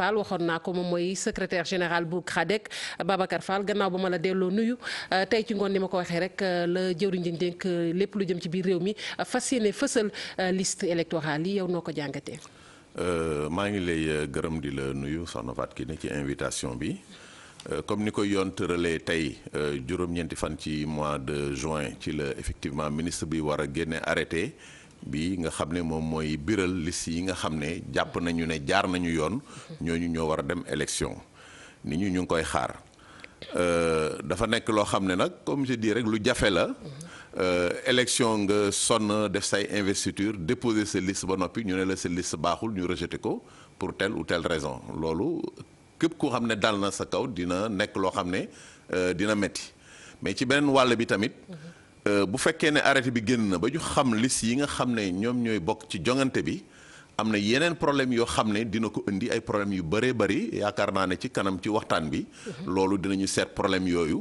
Fall waxoon naa ko moom mooy secrétaire général bu CRADEC Babacar Fall gannaaw ba ma la delloo nuyu euh, tey ci ngoon ni ma ko waxee rek euh, la jëwriñ ji dénk euh, lépp lu jëm ci biir réew mi fas yéene fësal liste électorale yi yow noo ko jàngatee. maa ngi lay gërëm di la nuyu soxna Fatou Kiné ci invitation bi. comme ni koy yoon tëralee tey juróom-ñeenti fan ci mois de juin ci la effectivement ministre bi war a génne arrêté bi nga xam ne moom mooy biral liste yi nga xam ne jàpp nañu ne jaar nañu yoon ñooñu ñoo war a dem élection nit ñu ñu ngi koy xaar euh, dafa nekk loo xam ne nag comme je dis rek lu jafe la euh, élection nga sonn def say investiture déposer sa liste ba noppi ñu ne la sa liste baaxul ñu rejeté ko pour tel ou telle raison loolu képp ku xam ne dal na sa kaw dina nekk loo xam ne euh, dina metti mais ci beneen wàll bi tamit Euh, bu fekkee ne arrêté bi génn na ba ñu xam lis yi nga xam ne ñoom ñooy bokk ci jongante bi am na yeneen problème yoo xam ne dina ko indi ay problème yu bëree bëri yaakaar naa ne ci kanam ci waxtaan bi loolu dinañu seet problème yooyu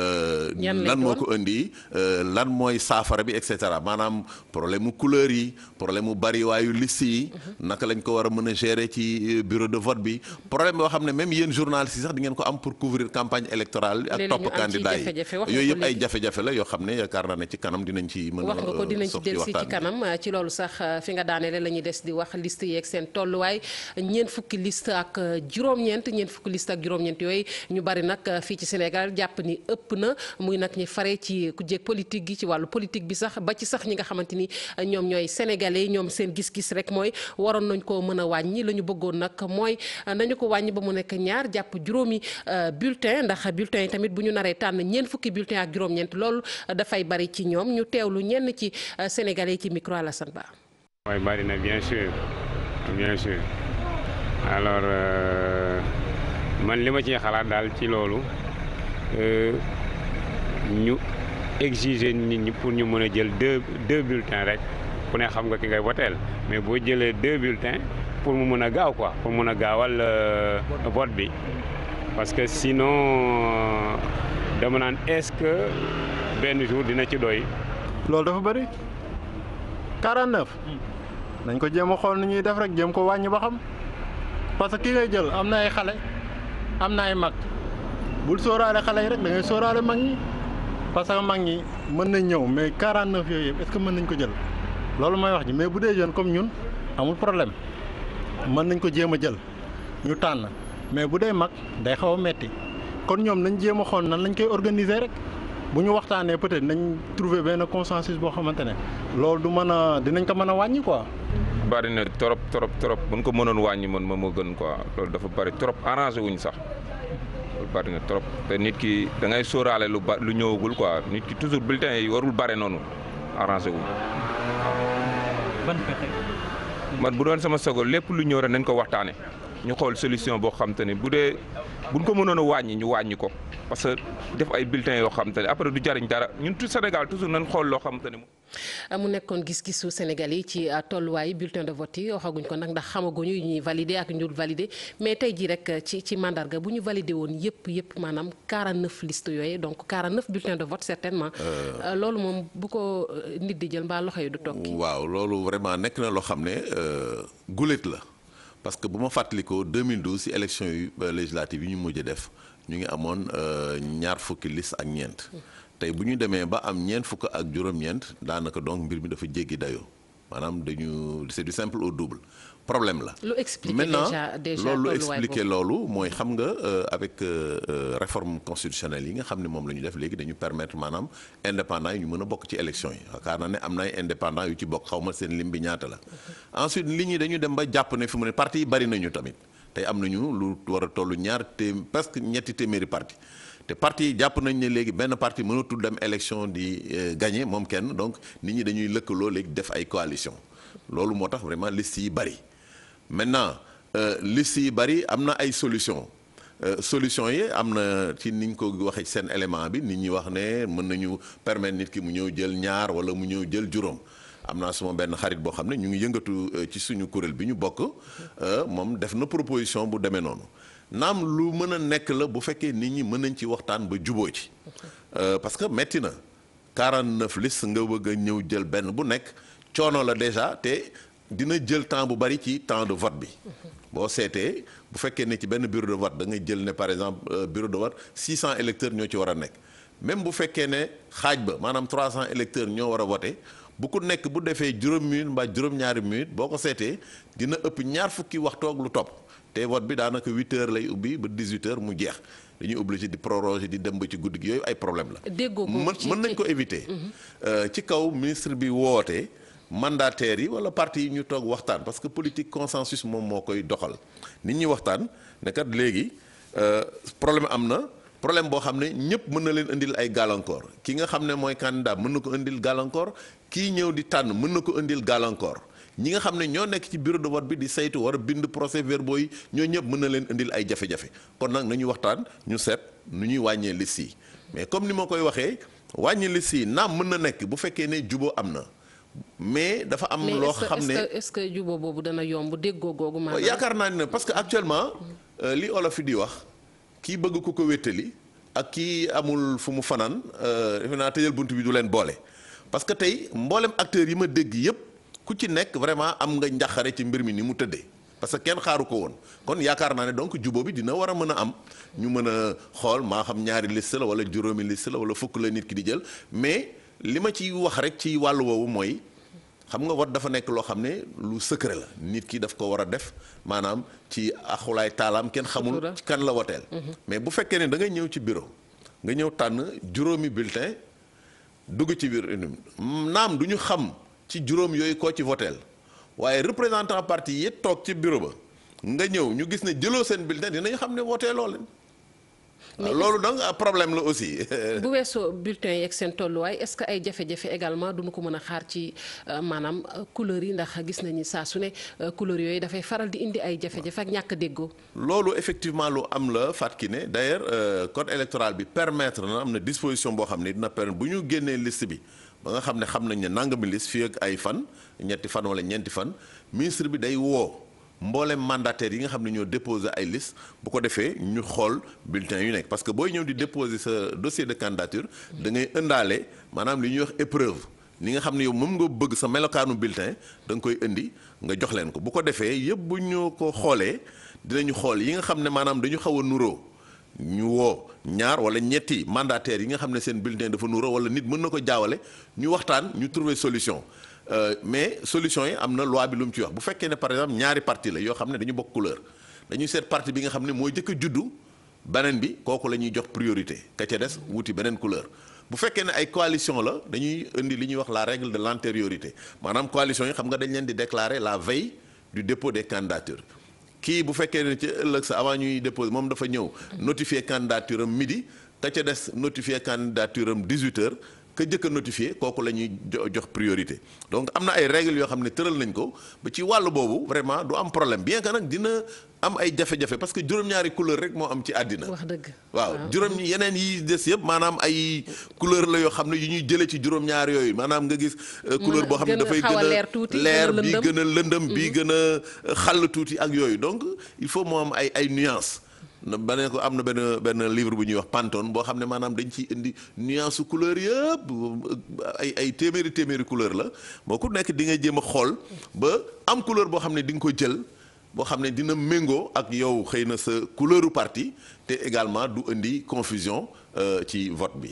euh, lan moo ko indi euh, lan mooy saafara bi et cetera maanaam problème mu couleur yi problème mu bariwaayu liste yi naka lañ ko war a mën a gérer ci euh, bureau de vote bi problème yoo xam ne même yéen journalistes yi sax di ngeen ko pour couvrir campagne électorale bi ak yooyu yëpp ay jafe-jafe xam ne yaakaar naa ne ci kanam dinañ ci mën a wax ko dinañ ci loolu sax fi nga daaneele la des di wax liste yeeg seen tolluwaay ñeent fukki list ak juróom-ñeent ñeent fukki list ak juróom-ñeent yooyu ñu bari nag euh, fii ci Sénégal jàpp ni ëpp na muy nag ñi fare ci ku jéeg politique gi ci wàllu politique bi sax ba ci sax ñi nga xamante ni euh, ñoom ñooy sénégalais ñoom seen gis-gis rek mooy waroon nañ ko mën a wàññi la ñu bëggoon nag mooy euh, nañu ko wàññi ba mu nekk ñaar jàpp juróomi bulletin ndax bulletin yi tamit bu ñu naree tànn ñeent fukki bulletin ak juróom-ñeent dafay bari ci ñoom ñu teewlu ñenn ci sénégalais ci micro Alassane Oui, Barina, bien sûr, bien sûr. Alors, euh, man li ma ciy xalaat daal ci loolu euh, ñu exiger nit ñi pour ñu mën a jël deux deux bulletins rek ku ne xam nga ki ngay woteel mais boo jëlee deux bulletins pour mu mën a gaaw quoi pour mën a gaawal euh, vote bi parce que sinon dama naan est-ce que benn jour dina ci doy. loolu dafa bëri nañ ko jéem a xool nu ñuy def rek jéem ko wàññi ba xam parce que ki ngay jël am na ay xale am na ay mag bul sóoraale xale yi rek da ngay sóoraale mag ñi parce que mag ñi mën nañ ñëw mais 49 yooyu yëpp est-ce que mën nañ ko jël loolu mooy wax ji mais bu dee jeune comme ñun amul problème mën nañ ko jéem a jël ñu tànn mais bu dee mag day xaw a metti kon ñoom nañ jéem a xool nan lañ koy organiser rek. bu ñu waxtaanee peut-être nañ trouver benn consensus boo xamante ne loolu du mën a dinañ ko mën a wàññi quoi. bari na trop trop trop bu ñu ko mënoon wàññi man moom moo gën quoi loolu dafa bari trop arrangé wuñ sax loolu bari trop te nit ki da ngay sóoraale lu ba lu ñëwagul quoi nit ki toujours bulletin yi warul bare noonu arrangé wuñ. man bu doon sama sogo lépp lu ñëw rek nañ ko waxtaanee. ñu xool solution boo xam te ne bu dee buñ ko mënoon wàññi ñu wàññi ko parce que def ay bulletins yoo xam ne après du jariñ dara ñun tout Sénégal toujours nañ xool loo xam te ne ah, mu nekkoon gis-gisu Sénégal yi ci ah, tolluwaay bulletin de vote yi waxaguñ ko nag ndax xamaguñu ñu ñuy validé ak ñu dul validé mais tey jii rek ah, ci ci mandarga bu ñu validé woon yëpp yëpp maanaam 49 listes yooyu donc 49 bulletins de vote certainement. Euh. loolu moom bu ko euh, nit di jël mbaa loxo yi du tokki. waaw loolu vraiment nekk na loo xam ne euh, gulet la. parce que bu ma fàttalikoo 2012 si élection yu euh, législative yi ñu mujj def ñu ngi amoon euh, ñaar fukki liste ak ñeent mm. tey bu ñu demee ba am ñeent fukk ak juróom-ñeent daanaka donc mbir mi dafa jéggi dayoo. maanaam dañu c'est du simple au double problème la. lu expliquer déjà loolu lu expliquer loolu mooy xam nga euh, avec euh, euh, réforme constitutionnelle yi nga xam ne moom la def léegi dañu permettre maanaam indépendant yi ñu mën a bokk ci élection yi yaakaar naa ne am na ay indépendant yu ci bokk xawma seen lim bi ñaata la. ensuite nit ñi dañu dem ba jàpp ne fi mu ne parti yi bari nañu tamit tey am nañu lu war a tollu ñaar té presque ñetti téeméeri parti te parti jàpp nañ ne léegi benn parti mënatul dem élection di euh, gagner moom kenn donc nit ñi dañuy lëkkaloo léegi def ay coalition loolu moo tax vraiment liste yi bari maintenant euh, liste yi bari am na ay solution euh, solution yi am na ci niñ ko waxee seen élément bi nit ñi wax ne mën nañu permettre nit ki mu ñëw jël ñaar wala mu ñëw jël juróom am naa suma benn xarit boo xam ne ñu ngi yëngatu ci suñu kuréel bi ñu bokk moom def na proposition bu demee noonu naam lu mën a nekk la bu fekkee nit ñi mën nañ ci waxtaan ba juboo ci euh, parce que metti na 49 liste nga bëgg a ñëw jël benn bu nekk coono la déjà te dina jël temps bu bari ci temps de vote bi boo seetee bu fekkee ne ci benn bureau de vote dangay jël ne par exemple euh, bureau de vote 600 électeurs ñoo ci war a nekk même bu fekkee ne xaaj ba maanaam 300 électeurs ñoo war a voter bu ku nekk bu defee juróom minute mbaa juróom-ñaari minute boo ko seetee dina ëpp ñaar fukki waxtoog lu topp tey vote bi daanaka huit heures lay ubbi ba dix huit mu jeex dañuy obligé di proroger di dem ba ci guddi gi yooyu ay problème la. déggoo ko mën mën nañ ko éviter. Mhm. Euh, ci kaw ministre bi woote. mandataires yi wala parti yi ñu toog waxtaan parce que politique consensus moom moo koy doxal nit ñi waxtaan ne kat léegi euh, problème am na problème boo xam ne ñëpp mën na leen indil ay gàllankoor ki nga xam ne mooy candidat mën na ko indil gàllankoor kii ñëw di tànn mën na ko indil gàllankoor ñi nga xam ne ñoo nekk ci bureau de vote bi di saytu war a bind procès verbaux yi ñoo ñëpp mën na leen indil ay jafe-jafe kon nag ñu waxtaan ñu set nu ñuy wàññee liste yi mais comme ni ma koy waxee wàññi liste yi naam mën na nekk bu fekkee ne juboo am na mais dafa am loo xam ne est-ce que juboo boobu dana yomb déggoo googu maanaam yaakaar naa ne parce que actuellement euh, li olof yi di wax kii bëgg ko ko wéttali ak kii amul fu mu fanaan euh, defe naa tëjal bunt bi du leen boole parce que tey mboolem acteurs yi ma dégg yëpp ku ci nekk vraiment am nga njaxare ci mbir mi ni mu tëddee parce que kenn xaaru ko woon kon yaakaar naa ne donc jubóo bi dina war a mën a am ñu mën a xool maa xam ñaari liste la wala juróomi liste la wala fukk la nit ki di jël mais li ma ciy wax rek ci wàllu woowu mooy xam nga wat dafa nekk loo xam ne lu secret la nit ki daf ko war a def maanaam ci axulaay taalaam kenn xamul kan la woteel mhm. mais bu fekkee ne da ngay ñëw ci bureau nga ñëw tànn juróomi bulletin dugg ci biir naam du ñu xam ci juróom yooyu koo ci voteel waaye représentant parti yi toog ci bureau ba nga ñëw ñu gis ne jëloo seen bulletin dinañu xam ne voteeloo leen. loolu donc ah, problème la aussi. bu weesoo bulletin yeeg seen tolluwaay est-ce que ay jafe-jafe également duñu ko mën a xaar ci euh, maanaam euh, couleur yi ndax gis nañu saa su ne euh, couleur yooyu dafay faral di indi ay jafe-jafe ak ñàkk déggoo. loolu effectivement lu am la fàttali ne d'ailleurs code électoral bi permettre na am na disposition boo xam ne dina permettre bu ñu génnee liste bi. ba nga xam ne xam nañ ne nangami liste fii ak ay fan ñetti fan wala ñeenti fan ministre bi day woo mboolem mandataire yi nga xam ne ñoo déposé ay liste bu ko defee ñu xool bulletin yu nekk parce que booy ñëw di déposé sa dossier de candidature da ngay maanaam li ñuy wax épreuve li nga xam ne yow moom nga bëgg sa melokaanu bulletin danga koy indi nga jox leen ko bu ko defee yëpp bu ñu ko xoolee dinañu xool yi nga xam ne maanaam dañu xaw a nuroo ñu woo ñaar wala ñetti mandataires yi nga xam ne seen bulletin dafa nuroo wala nit mën na ko jaawale ñu waxtaan ñu trouver solution euh, mais solution yi am na loi bi lu mu ci wax bu fekkee ne par exemple ñaari parti la yoo xam ne dañu bokk couleur dañuy seet parti bi nga xam ne mooy jëkk a juddu beneen bi kooku la ñuy jox priorité ka ca des wuti beneen couleur bu fekkee ne ay coalition la dañuy indi li ñuy wax la règle de l'antériorité maanaam coalition yi xam nga dañ leen di déclarer la veille du dépôt des kii bu fekkee ne ci ëllëg sa avant ñuy déposer moom dafa ñëw notifier candidature am midi ka ca des notifier candidature am 18 ka jëkk a notifié kooku la ñuy jox priorité donc am na ay règles yoo xam ne tëral nañ ko ba ci wàll boobu vraiment du am problème bien que nag dina am ay jafe-jafe parce que juróom-ñaari couleur rek moo am ci àddina. wax dëgg waaw juróom yeneen yi des yëpp maanaam ay couleur la yoo xam ne yu ñuy jëlee ci juróom-ñaar yooyu maanaam nga gis. Euh, couleur boo xam ne dafay gën a leer bi gën a lëndëm bii mm. gën a xàll tuuti ak yooyu donc il faut moo am ay ay nuances. beneen ko am na benn benn livre bu ñuy wax Pantone boo xam ne maanaam dañ ci indi nuance couleur yëpp ay ay téeméeri téeméeri couleur la boo ku nekk di nga jéem a xool ba am couleur boo xam ne di nga ko jël boo xam ne dina méngoo ak yow xëy na sa couleuru parti te également du indi confusion euh, ci vote bi.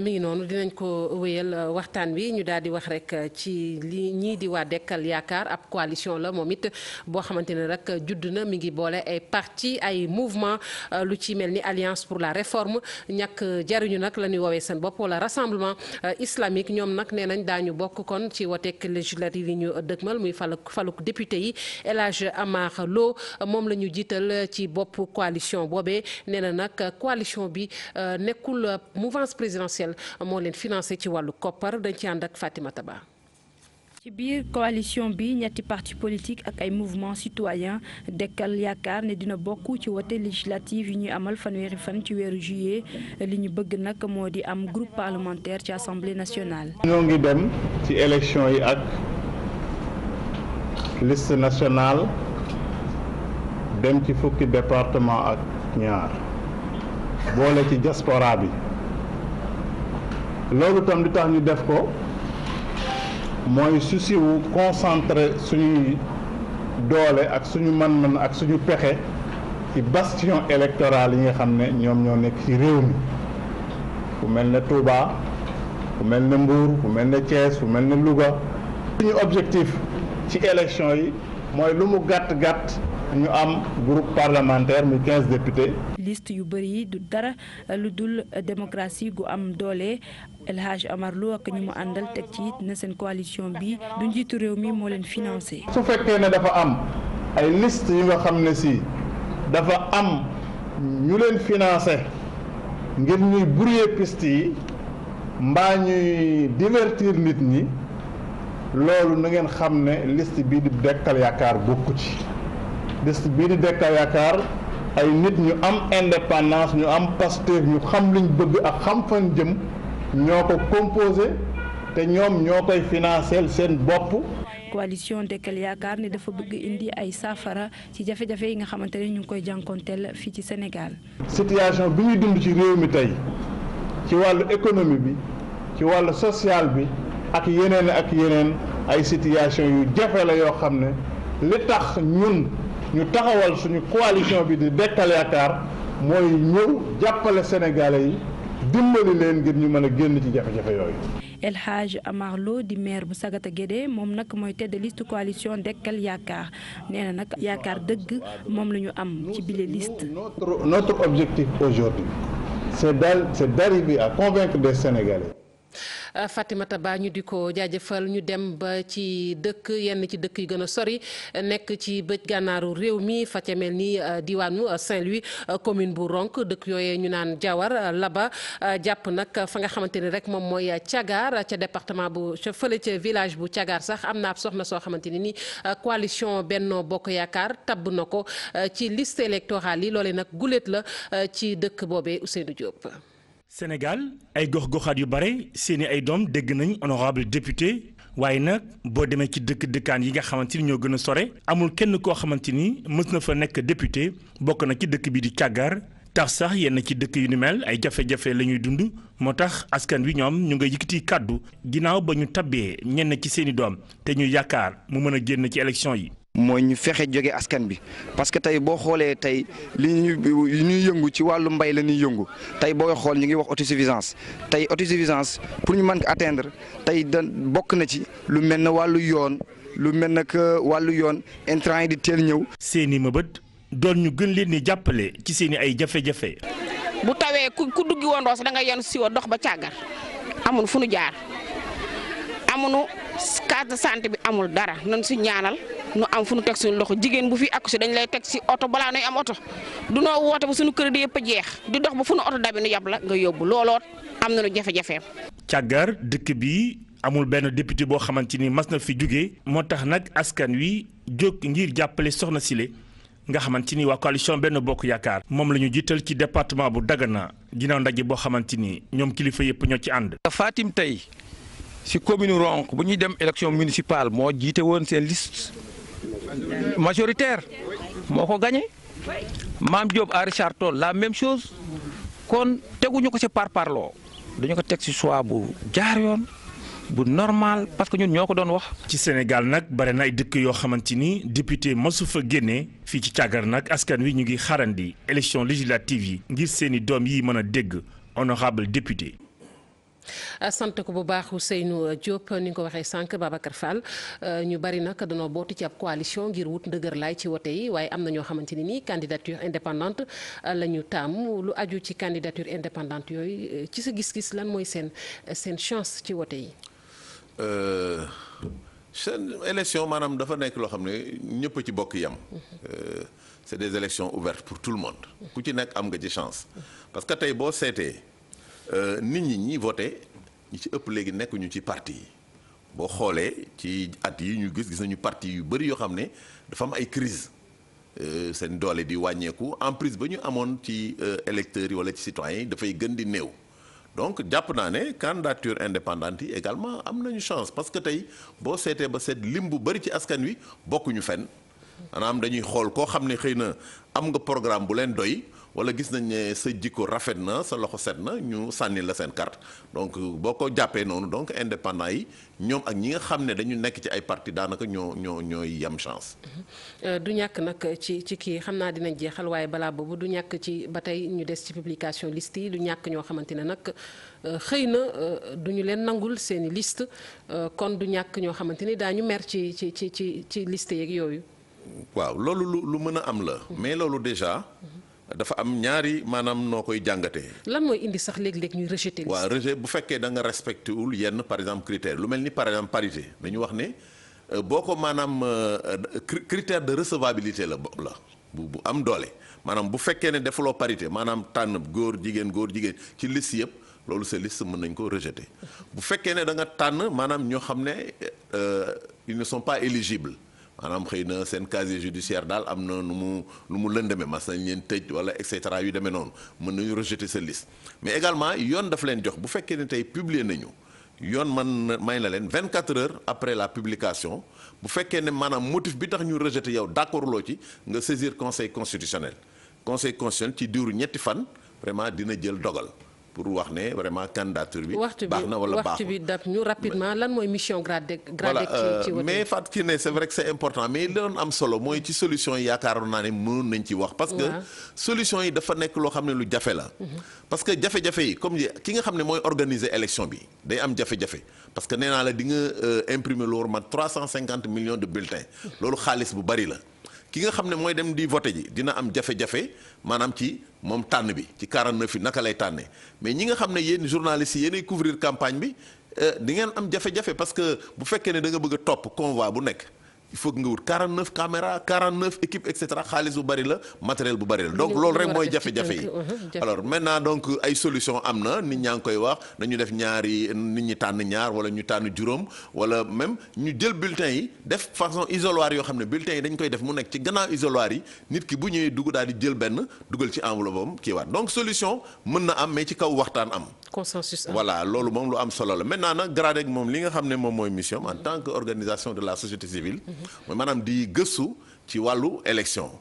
mi ngi noonu dinañ ko wéyal euh, waxtaan bi ñu daal di wax rek euh, ci li ñii di waa dekkal yaakaar ab coalition la moom it boo xamante ne rek judd na mi ngi boole ay parti ay mouvement lu ci mel ni alliance pour la réforme ñàkk jariñu nag la ñuy woowee seen bopp wala rassemblement islamique ñoom nag nee nañ ñu bokk kon ci woteek législative yi ñu dëgmal muy faluk faluk député yi El Hadj Amar Lo moom la ñu jiital ci bopp coalition boobee nee na nag coalition bi euh, nekkul euh, mouvance présidentielle moo leen financé ci wàllu koppar dañ ci ànd ak Fatimata Ba ci biir coalition bi ñetti parti politique ak ay mouvement citoyen dekkal yaakaar ne dina bokk ci wote législative yi ñuy amal fanweeri fan ci weeru juillet li ñu bëgg nag moo di am groupe parlementaire ci assemblée nationale. ñoo ngi dem ci élection yi ak liste nationale dem ci fukki département ak. ñaar boole ci diaspora bi loolu tam di tax ñu def ko mooy souci wu concentré suñuy doole ak suñu man mën ak suñu pexe ci bastion électoral yi nga xam ne ñoom ñoo nekk ci réew mi ku mel ne Touba ku mel ne Mbour ku mel ne Thiès ku mel ne Louga suñu objectif ci élection yi mooy lu mu gàtt-gàtt ñu am groupe parlementaire muy quinze députés. liste yu bëri yi du dara lu dul démocratie gu am doole El Hadj Amar Lo ak ñu mu àndal teg ci it na seen coalition bi du njiitu réew mi moo leen financé. su fekkee ne dafa am ay liste yi nga xam ne si dafa am ñu leen financé ngir ñuy brouiller piste yi mbaa ñuy divertir nit ñi loolu na ngeen xam ne liste bi di dekkal yaakaar bokku ci. liste biir di Dekk Yaakaar ay nit ñu am indépendance ñu am Pastef ñu xam luñ bëgg ak xam fan jëm ñoo ko composé te ñoom ñoo koy financé seen bopp. coalition Dekkal Yaakaar ne dafa bëgg indi ay saafara ci jafe-jafe yi nga xamante ne ñu ngi koy jànkoonteel fii ci Sénégal. situation bi ñuy dund ci réew mi tey ci wàllu économie bi ci wàllu sociale bi ak yeneen ak yeneen ay situation yu jafe la yoo xam ne li tax ñun. ñu taxawal suñu coalition bi di dekkal yaakaar mooy ñëw jàppale sénégalais yi dimbali leen ngir ñu mën a génn ci jafe-jafe yooyu. El Hadj di maire bu sagate Gédé moom nag mooy tête de liste coalition Dekkal Yaakaar nee na nag yaakaar dëgg moom la ñu am ci bile liste. notre notre objectif aujourd'hui c'est d'arriver à convaincre des Sénégalais. Fatimata baa ñu di ko jaajëfal ñu dem ba ci dëkk yenn ci dëkk yi gën a sori nekk ci bëj gànnaaru réew mi fa ca mel ni euh, diwaanu euh, Saint-Louis euh, commune bu Ronk dëkk yooyee ñu naan Jawar Laba jàpp nag fa nga xamante ni rek moom mooy Thiagar ca département bu ca fële ca village bu Thiagar sax am na ab soxna soo xamante ni ni coalition Benno Bokk Yaakaar tabb na ko ci liste électorale yi loolee nag guléet la ci dëkk boobee Ousseynou Diop. Sénégal ay gox-goxaat yu bare seeni ay doom dégg nañ honorable député waaye nag boo demee ci dëkk dëkkaan yi nga xamante ni ñoo gën a sore amul kenn koo xamante ni mës na fa nekk député bokk na ci dëkk bi di càggar tax sax yenn ci dëkk yu ni mel ay jafe-jafe la ñuy dund moo tax askan wi ñoom ñu nga yëkkati kàddu ginnaaw ba ñu tabee ñenn ci seeni doom te ñuy yaakaar mu mën a génn ci élection yi mooy ñu fexe jóge askan bi parce que tey boo xoolee tey li ñu li ñuy yëngu ci wàllu mbay la ñuy yëngu tey booy xool ñu ngi wax auto autosuffisance tey autosuffisance pour ñu mën ko atteindre tey da bokk na ci lu mel ne wàllu yoon lu mel ne que wàllu yoon intrant yi di teel ñëw. seeni mëbët doon ñu gën leen ni jàppale ci seeni ay jafe-jafe. bu tawee ku ku duggi woon roose da nga yenn siwo dox ba càggar amul fu nu jaar amunu case de santé bi amul dara nan si ñaanal. nu am fu nu teg suñu loxo jigéen bu fi accouché dañu lay teg si oto balaa nuy am oto du noo woote ba suñu crédit yëpp a jeex di dox ba fu nu oto dabi nu yab la nga yóbbu looloot am na nu jafe-jafeem. càggar dëkk bi amul benn député boo xamante ni mas na fi jóge moo tax nag askan wi jóg ngir jàppale soxna Sile nga xamante ni waa coalition benn bokk yaakaar moom la ñu jiital ci département bu Dagana ginnaaw ndaje boo xamante ni ñoom kilifa yëpp ñoo ci ànd. Fatim tey si commune Ronk bu ñuy dem élection municipale moo jiite woon seen liste. majoritaire moo ko gagné maam Diop à Richard la même chose kon teguñu ko ci par parloo dañu ko teg ci choix bu jaar yoon bu normal parce que ñun ñoo ko doon wax. ci Sénégal nag bare na ay dëkk yoo xamante ni député mosu fa génnee fii ci càggar nag askan wi ñu ngi xarandi élection législative yi ngir seeni doom yi mën a dégg honorable député. Euh, sant ko bu baax Ousseynou Diop ni nga ko waxee sànq Babacar Fall euh, ñu bari nag danoo bootu ci ab coalition ngir wut ndëgër laay ci wote yi waaye am na ñoo xamante ni nii candidature indépendante euh, la ñu taam lu aju ci candidature indépendante yooyu ci sa gis-gis lan mooy seen seen chance ci wote yi. seen élection maanaam dafa nekk loo xam ne ñëpp ci bokk yam mhm. c'est des élections ouvertes pour tout le monde. Mhm. ku ci nekk am nga ci chance parce que tey boo seetee. Euh, nit ñi ñi voté ñi ci ëpp léegi nekkuñu ci parti yi boo xoolee ci at yi ñu gis gis nañu partie yu bëri yoo xam ne dafa am ay crise euh, seen doole di wàññeeku en prise ba ñu amoon ci euh, électeurs yi wala ci citoyens yi dafay gën di néew donc jàpp naa ne candidature indépendante yi également am nañu chance parce que tey boo seetee ba seet lim bu bëri ci askan wi bokkuñu fenn maanaam dañuy xool koo xam ne xëy na am nga programme bu leen doy wala gis nañ ne sa jikko rafet na sa loxo set na ñu sànni la seen carte donc euh, boo ko jàppee noonu donc indépendant yi ñoom ak ñi nga xam ne dañu nekk ci ay parti daanaka ñoo ñoo ñooy yam chance. Mhm. Euh, du ñàkk nag ci ci kii xam naa dinañ jeexal waaye balaa boobu du ñàkk ci ba tey ñu des ci publication liste yi du ñàkk ñoo xamante ne nag euh, xëy na du ñu leen nangul seen i liste kon du ñàkk ñoo xamante ni daañu mer ci ci ci ci ci liste yeeg yooyu. waaw loolu lu lu mën a am la. Mhm. mais loolu déjà. Mhm. dafa am ñaari maanaam noo koy jàngatee. lan mooy indi sax léeg-léeg ñuy rejeté. waa rejet bu fekkee da nga respecté wul yenn par exemple critère lu mel ni par exemple parité dañu wax ne euh, boo ko maanaam euh, critère de recevabilité la la bu am doole maanaam bu fekkee ne defuloo parité maanaam tànn góor jigéen góor jigéen ci liste yëpp loolu sa liste mën nañ ko rejeté bu fekkee ne da nga tànn maanaam ñoo xam ne euh, ils ne sont pas éligibles. maanaam xëy na seen casier judiciaire daal am na nu mu nu mu lëndëme mas nañ leen tëj wala et cetera yu demee noonu mën nañu rejeter sa liste mais également yoon daf leen jox bu fekkee ne tey publier nañu yoon man may na leen vingt quatre heures après la publication bu fekkee ne maanaam motif bi tax ñu rejeter yow d'accord loo ci nga saisir conseil constitutionnel conseil constitutionnel ci diiru ñetti fan vraiment dina jël dogal pour wax ne vraiment candidature bi. baax na wala baaxul waxtu bi dab ñu rapidement lan mooy mission grade grade ci euh, mais Fatou Kiné c'est vrai que c'est important mais li am solo mooy ci solution yi yaakaaroon naa ne mënoon nañ ci wax. parce que solution yi dafa nekk loo xam ne lu jafe la. parce que jafe-jafe yi comme ki nga xam ne mooy organiser élection bi day am jafe-jafe parce que nee naa la di nga euh, imprimer lu war mat 350 millions de bulletins loolu xaalis bu bari la. ki nga xam ne mooy dem di voté ji dina am jafe-jafe maanaam ci moom tànn bi ci 49 fi naka lay tànnee mais ñi nga xam ne yéen journalistes yi yéenay couvrir campagne bi euh, di ngeen am jafe-jafe parce que bu fekkee ne da nga bëgg a topp convoi bu nekk. il faut que nga wut 49 caméras 49 équipes et cetera xaalis bu bari la matériel bu bari la donc loolu rek mooy uh-huh, jafe-jafe yi alors maintenant donc ay solution am na nit ñaa ngi koy wax nañu def ñaari nit ñi tànn ñaar wala ñu tànn juróom wala même ñu jël bulletin yi def façon isoloir yoo xam ne bulletin yi dañ koy def mu nekk ci gannaaw isoloir yi nit ki bu ñëwee dugg daal di jël benn dugal ci enveloppe am kii waat donc solution mën na am mais ci kaw waxtaan am consensus voilà loolu moom lu am solo la maintenant nag GRADEC li nga xam ne moom mooy mission en tant que organisation de la société civile mm-hmm. mooy maanaam di gëstu ci wàllu élection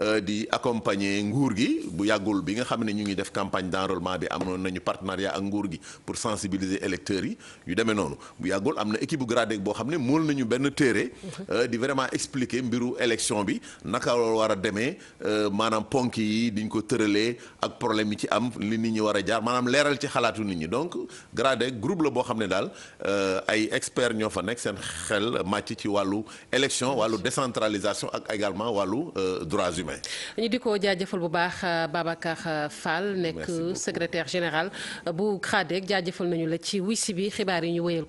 euh, di accompagner nguur gi bu yàggul bi nga xam ne ñu ngi def campagne d'enrôlement bi amoon nañu partenariat ak nguur gi pour sensibiliser électeurs yi yu demee noonu bu yàggul am na équipe bu gradé boo xam ne mool nañu benn téere euh, di vraiment expliquer mbiru élection bi naka loolu war a demee euh, maanaam ponk yi diñ ko tëralee ak problème yi ci am li nit ñi war a jaar maanaam leeral ci xalaatu nit ñi donc gradé groupe la boo xam ne daal ay experts ñoo fa nekk seen xel màcc ci wàllu élection wàllu décentralisation ak également wàllu euh, droits humains. ñu di ko jaajëfal bu baax euh, Babacar euh, Fall nekk secretaire général bu CRADEC jaajëfal nañu la ci wisi bi xibaar yi ñu wéyal ko.